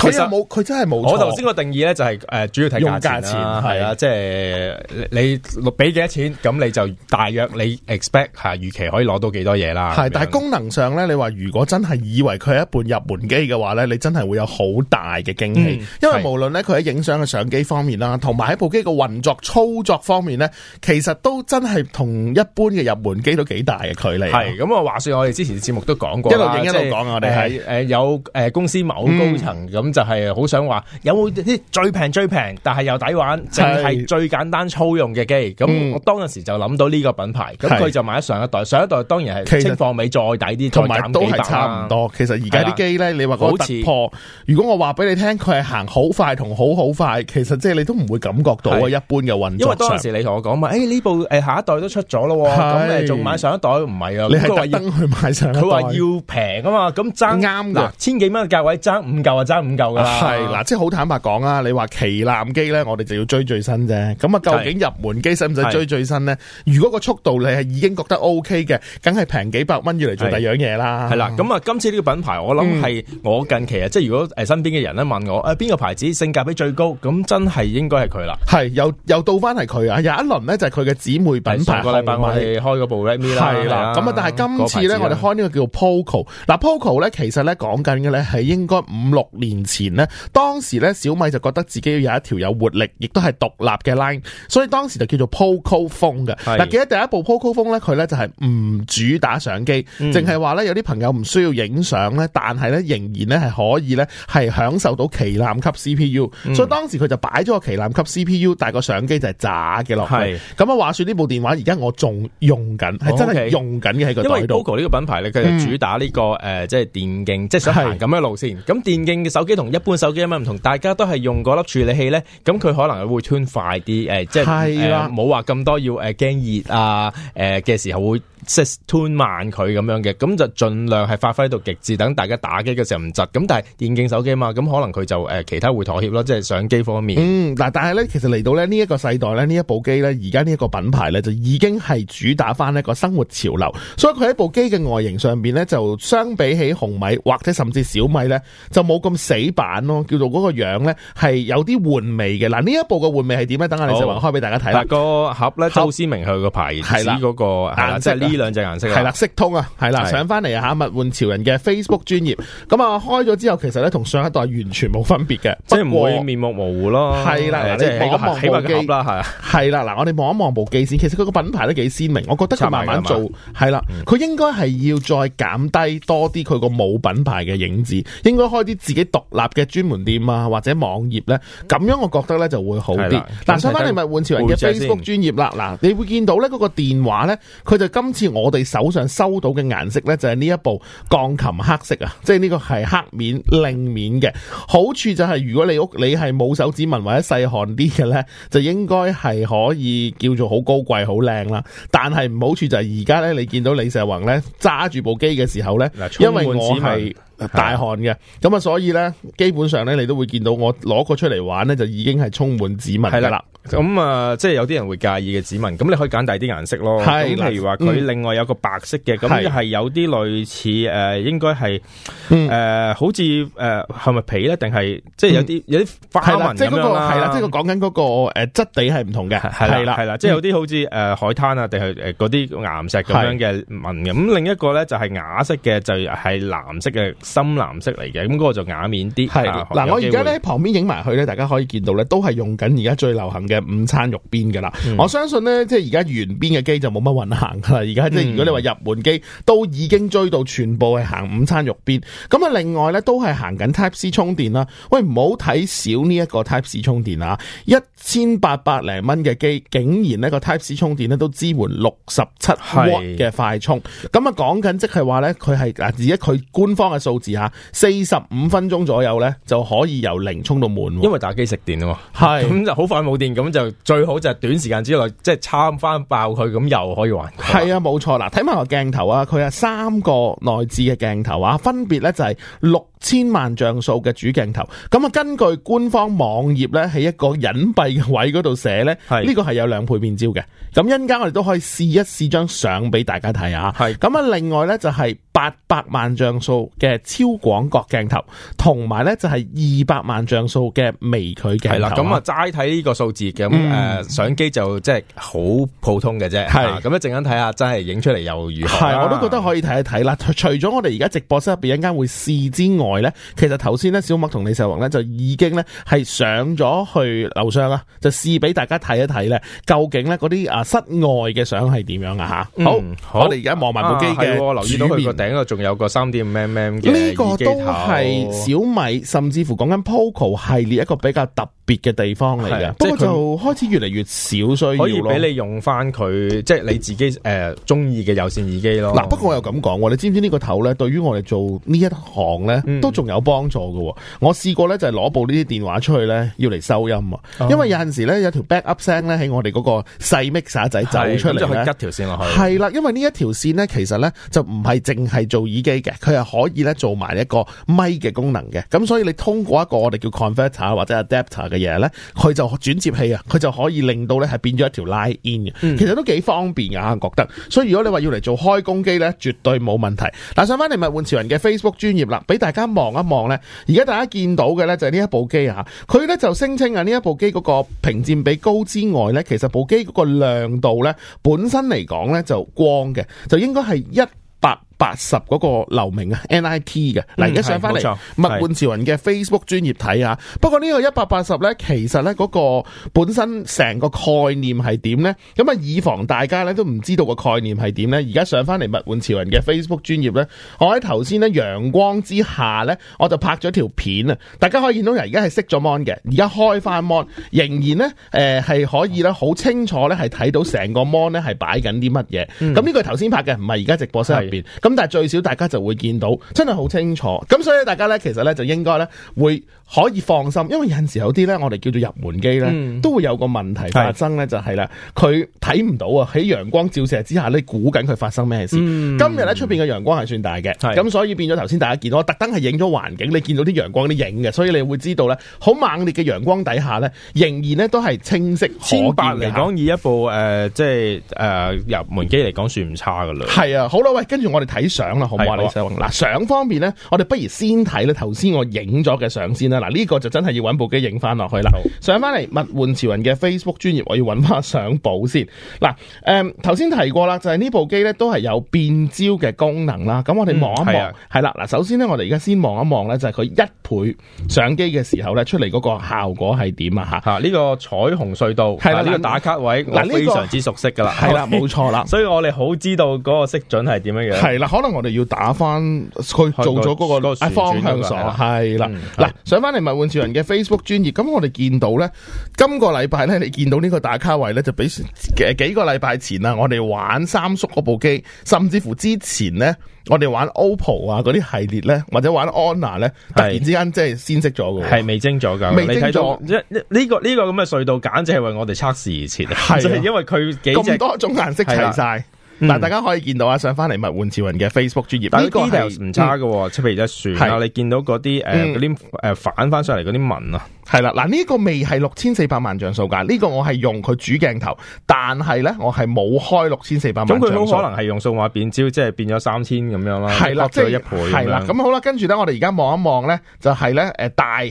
佢有冇？佢真係冇。我頭先個定義咧、就係，就、呃、係主要睇價錢啦，係啦，即係、啊啊就係、你俾幾多錢，咁你就大約你 expect 吓、啊，預期可以攞到幾多嘢啦。係，但係功能上咧，你話如果真係以為佢係一部入門機嘅話咧，你真係會有好大嘅驚喜、嗯，因為無論咧佢喺影相嘅相機方面啦，同埋喺部機嘅運作操作方面咧，其實都真係同一般嘅入門機都幾大嘅距離。係咁啊，話說我哋之前節目都講過一路影一路講我哋係、呃、有、呃、公司某高層咁。嗯就係、是、好想話有冇啲最平最平，但係又抵玩，淨係最簡單粗用嘅機。咁我當陣時就諗到呢個品牌，咁、嗯、佢就買咗上一代。上一代當然係清貨尾，再抵啲，同埋都係差唔多。其實而家啲機咧，你話嗰突破，如果我話俾你聽，佢係行好快同好好快，其實即係你都唔會感覺到啊。一般嘅運，因為當時你同我講嘛，誒、欸、呢部下一代都出咗咯，咁你仲買上一代？唔係啊，你係特登去買上一代。佢話要平啊嘛，咁爭啱噶，千幾蚊嘅價位爭五舊啊，爭。夠噶係啦，即係好坦白講啊！你話旗艦機咧，我哋就要追最新啫。咁啊，究竟入門機使唔使追最新咧？如果個速度你係已經覺得 OK 嘅，梗係平幾百蚊要嚟做第二樣嘢啦。係啦，咁啊，今次呢個品牌我諗係我近期啊，即係如果誒身邊嘅人咧問我誒邊個牌子性價比最高，咁真係應該係佢啦。係又又到翻係佢啊！有一輪咧就係佢嘅姊妹品牌。上個禮拜我哋開嗰部 Redmi 啦，係啦。咁啊，但係今次咧我哋開呢個叫做 Poco。嗱，Poco 咧其實咧講緊嘅咧係應該五六年前呢，當時咧，小米就覺得自己要有一條有活力，亦都係獨立嘅 line，所以當時就叫做 Poco Phone 嘅。嗱，記得第一部 Poco Phone 呢，咧，佢咧就係唔主打相機，淨係話咧有啲朋友唔需要影相咧，但係咧仍然咧係可以咧係享受到旗艦級 CPU、嗯。所以當時佢就擺咗個旗艦級 CPU，但係個相機就係渣嘅落去。咁啊，話說呢部電話而家我仲用緊，係、哦 okay、真係用緊嘅喺個袋度。因為 Poco 呢個品牌咧，佢就主打呢、這個、嗯呃、即係電競，即係想行咁嘅路線。咁電競嘅手機。同一般手機有乜唔同？大家都係用嗰粒處理器咧，咁佢可能會 turn 快啲，誒即係冇話咁多要誒驚熱啊，誒、呃、嘅時候會。即係 i t w 佢咁樣嘅，咁就盡量係發揮到極致，等大家打機嘅時候唔窒。咁但係電競手機啊嘛，咁可能佢就誒、呃、其他會妥協咯，即係相機方面。嗯，嗱，但係咧，其實嚟到呢一個世代咧，呢一部機咧，而家呢一個品牌咧，就已經係主打翻一個生活潮流，所以佢喺部機嘅外形上邊咧，就相比起紅米或者甚至小米咧，就冇咁死板咯，叫做嗰個樣咧係有啲玩味嘅。嗱，呢一部嘅玩味係點咧？等下你就開俾大家睇。嗱，個盒咧，周思明佢個牌子呢、那個，即係.呢兩隻顏色係啦，色通啊，係啦，上翻嚟啊嚇，物換潮人嘅 Facebook 專頁咁啊，開咗之後其實咧同上一代完全冇分別嘅，即係唔會面目模糊咯。係啦，即係望一望部啦，係啊，啦，嗱，我哋望一望部機先，其實佢個品牌都幾鮮明，我覺得佢慢慢做係啦，佢、嗯、應該係要再減低多啲佢個冇品牌嘅影子，應該開啲自己獨立嘅專門店啊，或者網頁咧，咁樣我覺得咧就會好啲。嗱，上翻嚟物換潮人嘅 Facebook 專頁啦，嗱，你會見到咧嗰、那個電話咧，佢就今。似我哋手上收到嘅顏色呢，就係呢一部鋼琴黑色啊，即係呢個係黑面亮面嘅好處就係、是，如果你屋你係冇手指紋或者細汗啲嘅呢，就應該係可以叫做好高貴好靚啦。但係唔好處就係而家呢，你見到李石宏呢揸住部機嘅時候呢，因為我係。大汗嘅，咁啊，所以咧，基本上咧，你都會見到我攞個出嚟玩咧，就已經係充滿指紋了。係啦，咁啊、嗯，即係有啲人會介意嘅指紋，咁你可以揀第啲顏色咯。咁譬如話佢另外有個白色嘅，咁係有啲類似誒、呃，應該係誒、呃，好似誒係咪皮咧，定係即係有啲、嗯、有啲花紋咁樣啦。係啦，即係講緊嗰個誒質地係唔同嘅，係啦係啦，即係有啲好似誒海灘啊，定係誒嗰啲岩石咁樣嘅紋嘅。咁另一個咧就係啞色嘅，就係藍色嘅。深藍色嚟嘅，咁、那、嗰個就雅面啲。係嗱、啊,我而家咧旁邊影埋去咧，大家可以見到咧，都係用緊而家最流行嘅午餐肉邊噶啦。我相信咧，即係而家圓邊嘅機就冇乜運行噶啦。而家即係如果你話入門機，都已經追到全部係行午餐肉邊。咁啊，另外咧都係行緊 Type C 充電啦。喂，唔好睇少呢一個 Type C 充電啊！一千八百零蚊嘅機，竟然呢個 Type C 充電咧都支援六十七瓦嘅快充。咁啊，講緊即係話咧，佢係嗱，而家佢官方嘅數。四十五分鐘左右咧，就可以由零充到滿，因為打機食電啊嘛，係咁就好快冇電，咁就最好就係短時間之內即係撐翻爆佢，咁又可以玩。係啊，冇錯啦，睇埋個鏡頭啊，佢係三個內置嘅鏡頭啊，分別咧就係六千萬像素嘅主鏡頭，咁啊根據官方網頁咧喺一個隱蔽嘅位嗰度寫咧，呢、呢個係有兩倍變焦嘅，咁一陣間我哋都可以試一試張相俾大家睇下。係咁啊另外咧就係八百萬像素嘅超廣角鏡頭，同埋咧就係二百萬像素嘅微距鏡頭。係、嗯、啦，咁啊齋睇呢個數字，嘅誒相機就即係好普通嘅啫。係，咁一陣間睇下，真係影出嚟又如何？係，我都覺得可以睇一睇啦。除咗我哋而家直播室入邊一間會試之外咧，其實頭先咧小麥同李世宏咧就已經咧係上咗去樓上啊，就試俾大家睇一睇咧，究竟咧嗰啲啊室外嘅相係點樣啊吓、嗯？好，我哋而家望埋部機嘅，留意到佢個頂度仲有個三點五 mm 嘅。呢、個都係小米，甚至乎講緊 Poco 系列一個比較特別別嘅地方嚟嘅，不過就開始越嚟越少需要，可以俾你用翻佢，即係你自己誒中意嘅有線耳機咯。嗱，不過我又咁講喎，你知唔知呢個頭咧？對於我哋做呢一行咧、嗯，都仲有幫助喎。我試過咧，就係攞部呢啲電話出去咧，要嚟收音啊、哦。因為有陣時咧，有條 back up 聲咧喺我哋嗰個細 mixer 仔走出嚟去，即係拮一條線落去。係啦，因為呢一條線咧，其實咧就唔係淨係做耳機嘅，佢係可以咧做埋一個咪嘅功能嘅。咁所以你通過一個我哋叫 converter 或者 adapter 嘅。嘢咧，佢就轉接器啊，佢就可以令到咧係變咗一條 Line、嗯、In 嘅，其實都幾方便嘅，我覺得。所以如果你話要嚟做開工機咧，絕對冇問題。嗱，上翻嚟物玩潮人嘅 Facebook 專頁啦，俾大家望一望咧。而家大家見到嘅咧就係呢一部機啊，佢咧就聲稱啊，呢一部機嗰個屏佔比高之外咧，其實部機嗰個亮度咧本身嚟講咧就光嘅，就應該係一八十嗰個流明啊，NIT 嘅，嗱，而家上翻嚟，物玩潮人嘅 Facebook 專頁睇下。不過呢個一百八十呢，其實呢嗰個本身成個概念係點呢？咁啊，以防大家呢都唔知道個概念係點呢？而家上翻嚟物玩潮人嘅 Facebook 專頁呢，我喺頭先呢，陽光之下呢，我就拍咗條片啊。大家可以見到人而家係熄咗 mon 嘅，而家開翻 mon，仍然呢誒係、呃、可以咧好清楚呢係睇到成個 mon 咧係擺緊啲乜嘢。咁、嗯、呢個頭頭先拍嘅，唔係而家直播室入面。咁但係最少大家就會見到真係好清楚，咁所以大家咧其實咧就應該咧會可以放心，因為有陣時候有啲咧我哋叫做入門機咧、嗯、都會有個問題發生咧就係啦，佢睇唔到啊喺陽光照射之下你估緊佢發生咩事。嗯、今日咧出邊嘅陽光係算大嘅，咁所以變咗頭先大家見到我特登係影咗環境，你見到啲陽光啲影嘅，所以你會知道咧好猛烈嘅陽光底下咧仍然咧都係清晰可千百嚟講以一部誒、呃、即係誒、呃、入門機嚟講算唔差噶啦。係啊，好啦，喂、欸，跟住我哋睇。睇相啦，好唔好啊？李生，嗱相方面咧，我哋不如先睇咧頭先我影咗嘅相先啦。嗱、啊、呢、這個就真係要揾部機影翻落去啦。上翻嚟物玩潮人嘅 Facebook 專頁，我要揾翻相簿先。嗱、啊、誒、嗯，頭先提過啦，就係、是、呢部機咧都係有變焦嘅功能啦。咁我哋望一望，係、嗯、啦。嗱、啊啊，首先咧，我哋而家先望一望咧，就係、是、佢一倍相機嘅時候咧，出嚟嗰個效果係點啊？吓、啊、呢、這個彩虹隧道，係啦、啊，啊、這個、打卡位，我、啊、這個、非常之熟悉噶啦，係、啊、啦，冇錯啦。所以我哋好知道嗰個色準係點樣樣，係啦、啊。可能我哋要打翻去做咗嗰個方向，那個那個哎方向嗯嗯、上。係啦，嗱上翻嚟物玩潮人嘅 Facebook 專業，咁我哋見到咧，今個禮拜咧，你見到呢個打卡位咧，就比誒幾個禮拜前啊，我哋玩三叔嗰部機，甚至乎之前咧，我哋玩 OPPO 啊嗰啲系列咧，或者玩 Honor 咧，突然之間即係先識咗嘅，係未精咗噶，未精咗，即呢、這個呢、這個咁嘅隧道，簡直係為我哋測試而設，係、啊就是、因為佢幾多種顏色齊晒。嗱、嗯，大家可以見到啊，上翻嚟咪換潮人嘅 Facebook 專頁，呢個係唔差係譬如一樹、呃嗯、啊，你見到嗰啲誒返啲誒反翻上嚟嗰啲文啊，係啦，嗱呢個未係六千四百萬像素架，呢、這個我係用佢主鏡頭，但係咧我係冇開六千四百萬像素。咁佢可能係用數碼變焦，即係變咗三千咁樣啦，得咗一,一倍。係啦，咁好啦，跟住咧我哋而家望一望咧，就係、是、咧、呃、大。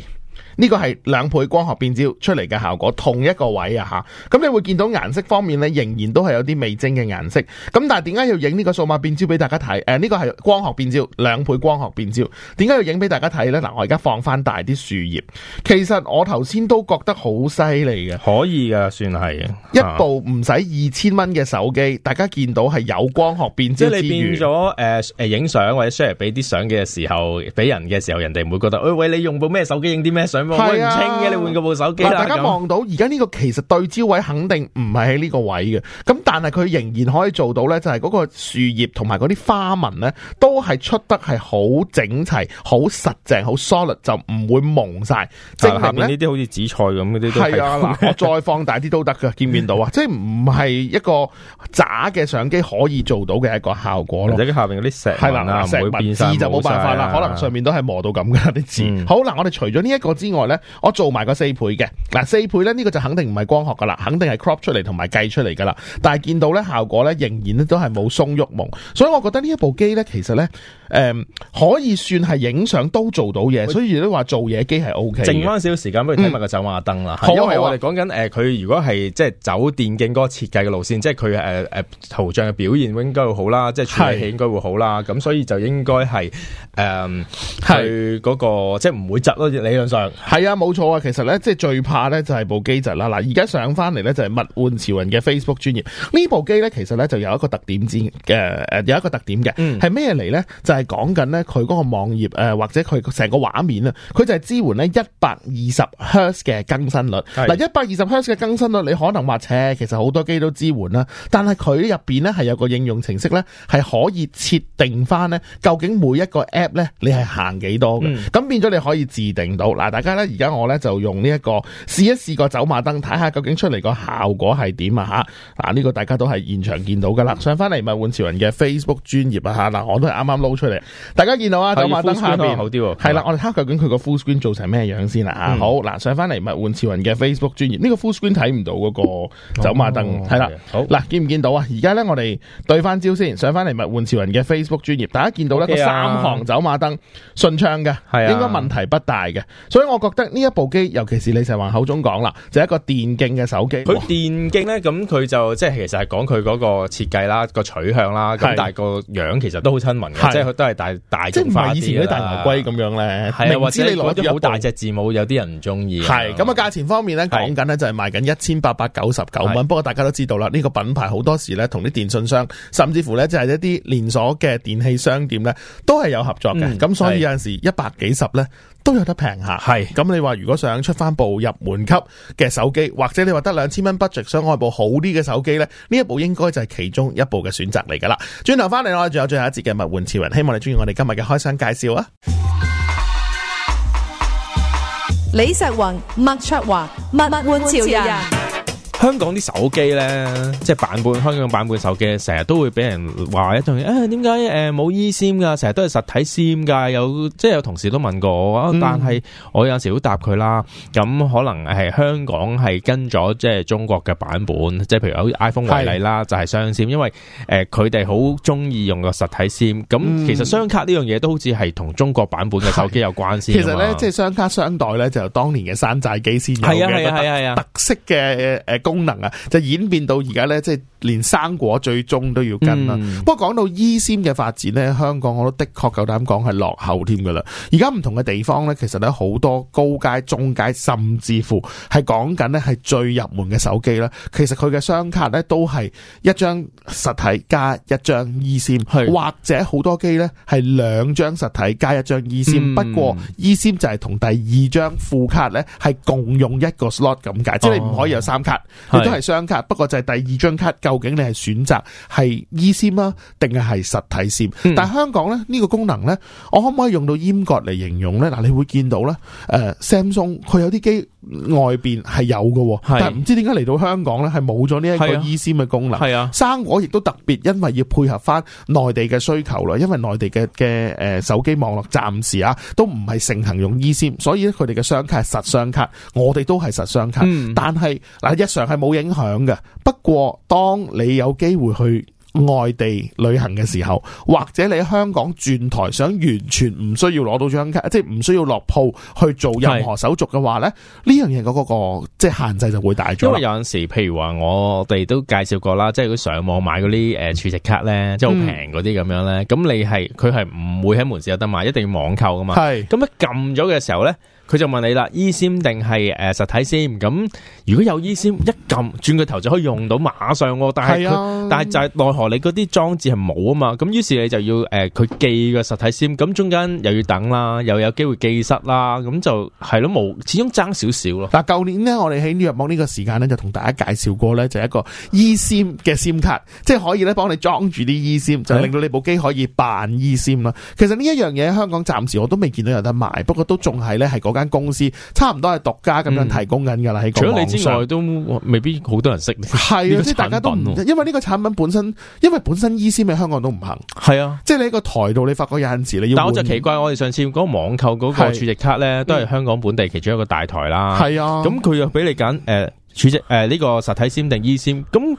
呢、這個係兩倍光學變焦出嚟嘅效果，同一個位置啊嚇，咁你會見到顏色方面呢，仍然都係有啲味精嘅顏色。咁但係點解要影呢個數碼變焦俾大家睇？誒、呃，呢、這個係光學變焦，兩倍光學變焦。點解要影俾大家睇呢？嗱，我而家放翻大啲樹葉。其實我頭先都覺得好犀利嘅，可以㗎，算係一部唔使二千蚊嘅手機、啊，大家見到係有光學變焦。即係你變咗誒誒影相或者 share 俾啲相嘅時候，俾人嘅時候，人哋唔會覺得，喂喂，你用部咩手機影啲咩相？係清嘅你換過部手機大家望到而家呢個其實對焦位肯定唔係喺呢個位嘅，咁但係佢仍然可以做到是那那是 solid, 呢，就係嗰個樹葉同埋嗰啲花紋呢，都係出得係好整齊、好實淨、好 solid，就唔會蒙晒。即係下邊呢啲好似紫菜咁嗰啲，係啊，嗱，我再放大啲都得嘅，見唔見到啊？即係唔係一個渣嘅相機可以做到嘅一個效果咯。或者下邊嗰啲石係啦、啊，石紋就冇辦法啦，可能上面都係磨到咁嘅啲字。嗯、好嗱，我哋除咗呢一個之外。呢我做埋個四倍嘅，嗱，四倍咧呢、呢個就肯定唔係光學噶啦，肯定係 crop 出嚟同埋計出嚟噶啦。但係見到咧效果咧，仍然都係冇松郁蒙。所以我覺得呢一部機咧，其實咧，誒、嗯，可以算係影相都做到嘢，所以都話做嘢機係 O K。剩翻少少時間俾佢睇埋個走馬燈啦，因、嗯、為我哋講緊誒，佢、啊呃、如果係即係走電競嗰個設計嘅路線，即係佢誒誒圖像嘅表現應該會好啦，即係處理器應該會好啦，咁所以就應該係誒係嗰個即係唔會窒咯，理論上。係啊，冇錯啊，其實咧，即係最怕咧就係部機就啦嗱，而家上翻嚟咧就係物換潮人嘅 Facebook 專頁，呢部機咧，其實咧就有一個特點之誒誒有一個特點嘅，係咩嚟咧？就係講緊咧佢嗰個網頁誒、呃、或者佢成個畫面啊，佢就係支援咧一百二十 hertz 嘅更新率。嗱一百二十 hertz 嘅更新率，你可能話切，其實好多機都支援啦，但係佢入邊咧係有個應用程式咧係可以設定翻咧究竟每一個 app 咧你係行幾多嘅，咁、嗯、變咗你可以自定到嗱，大家。而家我咧就用呢、這個、一個試一試個走馬燈，睇下究竟出嚟個效果係點啊吓嗱，呢、這個大家都係現場見到噶啦。上翻嚟物玩潮人嘅 Facebook 專頁啊吓嗱，我都係啱啱撈出嚟，大家見到啊，走馬燈下邊好啲，係啦，我哋睇下究竟佢個 full screen 做成咩樣先啦吓？好嗱，上翻嚟物玩潮人嘅 Facebook 專頁，呢、這個 full screen 睇唔到嗰個走馬燈，係、oh, 啦、okay，好嗱、啊，見唔見到啊？而家咧我哋對翻焦先，上翻嚟物玩潮人嘅 Facebook 專頁，大家見到呢、啊 okay 啊那個三行走馬燈順暢嘅，係啊，應該問題不大嘅，所以我。我覺得呢一部機，尤其是你成環口中講啦，就係、一個電競嘅手機。佢電競呢，咁佢就即係其實係講佢嗰個設計啦，個取向啦，咁但係個樣其實都好親民嘅，即係佢都係大大。即係唔係以前啲大鵝龜咁樣咧，或者你攞啲好大隻字母，有啲人唔中意。係咁啊，價錢方面呢，講緊呢就係賣緊一千八百九十九蚊。不過大家都知道啦，呢、這個品牌好多時呢，同啲電信商，甚至乎呢，就係一啲連鎖嘅電器商店呢，都係有合作嘅。咁、嗯、所以有陣時一百幾十呢。都有得平下。係咁你話如果想出翻部入門級嘅手機，或者你話得兩千蚊 budget 想開部好啲嘅手機呢，呢一部應該就係其中一部嘅選擇嚟噶啦。轉頭翻嚟我哋仲有最後一節嘅物玩潮人，希望你中意我哋今日嘅開箱介紹啊！李石雲、麥卓華、物玩潮人。，香港啲手機呢，即係版本，香港版本手機成日都會俾人話一種，誒、哎，點解誒冇 eSIM 噶？成日都係實體 SIM 噶，有即係有同事都問過我，但係我有時都答佢啦。咁可能係香港係跟咗即係中國嘅版本，即係譬如有功能啊，就演變到而家呢，即係連生果最終都要跟啦、嗯。不過講到 eSIM 嘅發展呢，香港我都的確夠膽講係落後添噶啦。而家唔同嘅地方呢，其實呢，好多高階、中階甚至乎係講緊呢係最入門嘅手機啦。其實佢嘅雙卡呢，都係一張實體加一張 eSIM，或者好多機呢係兩張實體加一張 eSIM、嗯。不過 eSIM 就係同第二張副卡呢係共用一個 slot 咁解，即係你唔可以有三卡。亦都係雙卡，不過就係第二張卡究竟你係選擇係 eSIM 啦啊，定係係實體線，嗯、但係香港咧呢個功能咧，我可唔可以用到閹割嚟形容咧？嗱，你會見到咧，誒、呃、Samsung 佢有啲機外邊係有嘅，但係唔知點解嚟到香港咧係冇咗呢一個 eSIM 嘅功能。係啊，生、啊、果亦都特別因為要配合翻內地嘅需求啦，因為內地嘅嘅誒手機網絡暫時啊都唔係盛行用 eSIM，所以咧佢哋嘅雙卡係實雙卡，我哋都係實雙卡，嗯、但係嗱一上。係冇影響嘅，不過當你有機會去外地旅行嘅時候，或者你喺香港轉台，想完全唔需要攞到張卡，即係唔需要落鋪去做任何手續嘅話咧，呢樣嘢嗰、那個個即係限制就會大咗。因為有陣時，譬如話我哋都介紹過啦，即係佢上網買嗰啲誒儲值卡咧，嗯、即係好平嗰啲咁樣咧，咁你係佢係唔會喺門市有得買，一定要網購噶嘛。係咁一撳咗嘅時候咧，佢就問你啦，eSIM 定係誒實體 SIM？咁如果有 eSIM 一撳，轉個頭就可以用到馬上喎。但係、啊、但係就係奈何。你嗰啲裝置係冇啊嘛，咁於是你就要誒佢、呃、寄個實體 sim，咁中間又要等啦，又有機會寄失啦，咁就係咯，冇始終爭少少咯。嗱，舊年呢我哋喺呢個網呢個時間呢就同大家介紹過呢就是、一個 e sim 嘅 sim 卡，即係可以咧幫你裝住啲 e sim 就是、令到你部機可以扮 e sim 啦。其實呢一樣嘢香港暫時我都未見到有得賣，不過都仲係咧係嗰間公司，差唔多係獨家咁樣提供緊噶啦。喺除咗你之外，都未必好多人識。係啊，即大家都唔，因為呢個產品本身。因為本身 eSIM 喺香港都唔行，係啊，即係你喺個台度你發覺有陣時你要。但我就奇怪，我哋上次講個網購嗰個儲值卡咧，都係香港本地其中一個大台啦。係啊，咁佢又俾你揀誒儲值誒呢個實體 SIM 定 eSIM 咁。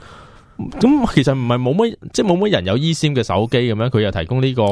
咁其實唔係冇乜，即係冇乜人有 eSIM 嘅手機咁樣，佢又提供呢個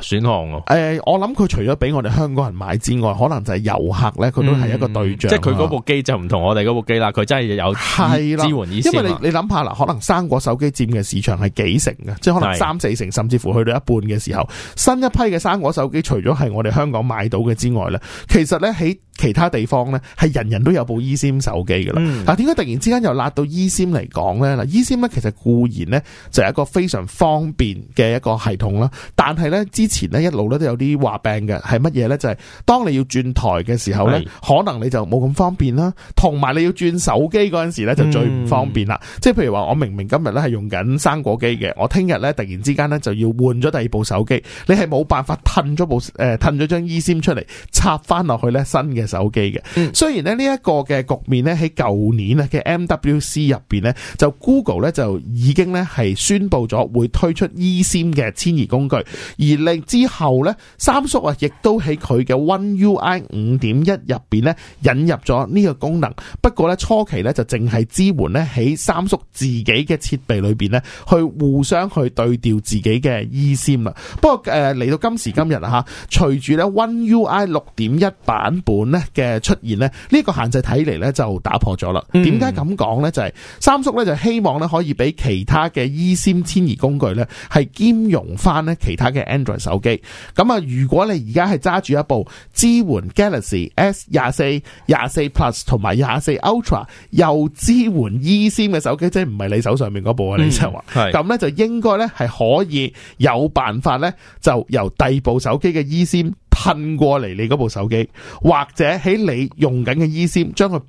選項。誒、欸，我諗佢除咗俾我哋香港人買之外，可能就係遊客咧，佢都係一個對象。嗯、即係佢嗰部機就唔同我哋嗰部機啦，佢真係有支援。因為你你諗下嗱，可能生果手機佔嘅市場係幾成嘅？即係可能三四成，甚至乎去到一半嘅時候，新一批嘅生果手機除咗係我哋香港買到嘅之外咧，其實咧喺其他地方咧係人人都有部 eSIM 手機噶啦。但點解突然之間又拉到 eSIM 嚟講咧？嗱其實固然呢，就係一個非常方便嘅一個系統啦，但係呢，之前呢一路咧都有啲話病嘅，係乜嘢呢？就係、是、當你要轉台嘅時候呢，可能你就冇咁方便啦。同埋你要轉手機嗰陣時呢就最唔方便啦。即、嗯、係譬如話我明明今日呢係用緊生果機嘅，我聽日呢突然之間呢就要換咗第二部手機，你係冇辦法褪咗部誒褪咗張 eSIM 出嚟插翻落去呢新嘅手機嘅，嗯。雖然呢，呢一個嘅局面呢，喺舊年嘅 MWC 入邊呢，就 Google 咧就。就已經咧係宣布咗會推出 eSIM 嘅遷移工具，而令之後咧三叔啊，亦都喺佢嘅 One UI 五點一入邊咧引入咗呢個功能。不過咧初期咧就淨係支援咧喺三叔自己嘅設備裏邊咧去互相去對調自己嘅 eSIM 啦。不過誒嚟、呃、到今時今日啊吓，隨住咧 One UI 六點一版本咧嘅出現咧，呢、這個限制睇嚟咧就打破咗啦。點解咁講咧？就係、是、三叔咧就希望咧可以。可以俾其他嘅 eSIM 遷移工具咧，係兼容翻咧其他嘅 Android 手機。咁啊，如果你而家係揸住一部支援 Galaxy S 廿四、廿四 Plus 同埋廿四 Ultra 又支援 eSIM 嘅手機，即係唔係你手上面嗰部啊、嗯？你即係話，咁咧就應該咧係可以有辦法咧，就由第二部手機嘅 eSIM。噴過嚟你嗰部手機，或者喺你用緊嘅 eSIM 將佢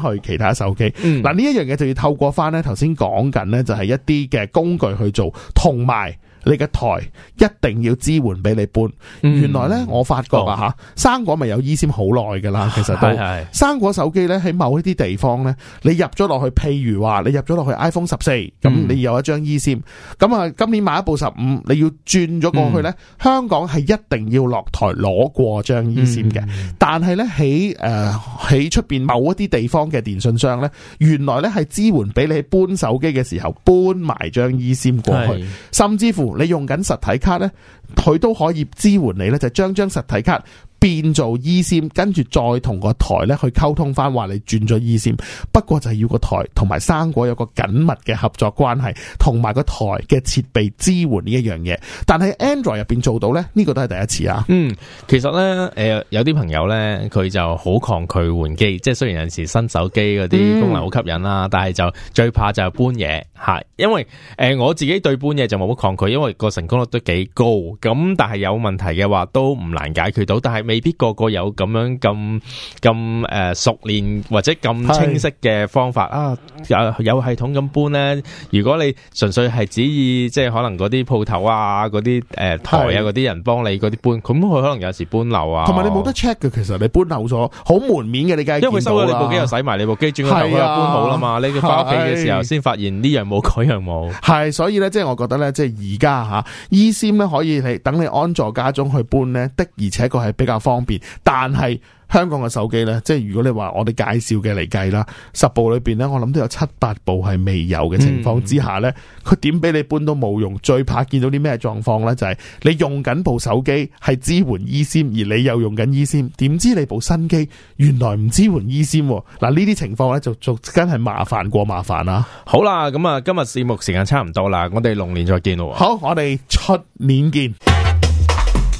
搬去其他手機。嗱、嗯，呢一樣嘢就要透過翻呢頭先講緊呢，就係一啲嘅工具去做，同埋。你嘅台一定要支援俾你搬。嗯、原來呢，我發覺啊嚇，生果咪有 eSIM 好耐㗎啦。其實都生果手機呢，喺某一啲地方呢，你入咗落去，譬如話你入咗落去 iPhone 十四、嗯，咁你有一張 eSIM。咁啊，今年買一部十五，你要轉咗過去呢、嗯，香港係一定要落台攞過張 eSIM 嘅。但係呢，喺誒喺出面某一啲地方嘅電信商呢，原來呢係支援俾你搬手機嘅時候搬埋張 eSIM 過去，甚至乎。你用緊實體卡呢，佢都可以支援你呢，就將張實體卡，變做 eSIM，跟住再同個台咧，去溝通翻，話你轉咗 eSIM。不過就係要個台同埋生果有個緊密嘅合作關係，同埋個台嘅設備支援呢一樣嘢。但係 Android 入邊做到呢呢、呢個都係第一次啊。嗯，其實呢，誒，有啲朋友呢，佢就好抗拒換機，即係雖然有陣時新手機嗰啲功能好吸引啦、嗯，但係就最怕就係搬嘢吓。因為誒，我自己對搬嘢就冇乜抗拒，因為個成功率都幾高。咁但係有問題嘅話，都唔難解決到。但係未必個個有咁樣咁咁、呃、熟練或者咁清晰嘅方法啊，有有系統咁搬咧。如果你純粹係旨意，即係可能嗰啲鋪頭啊，嗰啲、呃、台啊，嗰啲人幫你嗰啲搬，咁佢可能有時搬漏啊。同埋你冇得 check 嘅，其實你搬漏咗，好門面嘅，你梗係因為收你部機，又洗埋你部機，轉個頭去又、啊、搬好啦嘛。你佢翻屋企嘅時候先發現呢樣冇，嗰樣冇。係，所以咧，即係我覺得咧，即係而家嚇 eSIM 可以你等你安坐家中去搬咧，的而且確係比較方便，但係香港嘅手機呢？即係如果你話我哋介紹嘅嚟計啦，十部裏邊呢，我諗都有七八部係未有嘅情況之下呢，佢點俾你搬都冇用，最怕見到啲咩狀況呢？就係、是、你用緊部手機係支援 eSIM，而你又用緊 eSIM，點知你部新機原來唔支援 eSIM？嗱呢啲情況呢，就逐間係麻煩過麻煩啦。好啦，咁啊今日節目時間差唔多啦，我哋龍年再見咯。好，我哋出年見。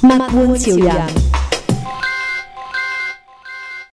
物玩潮人。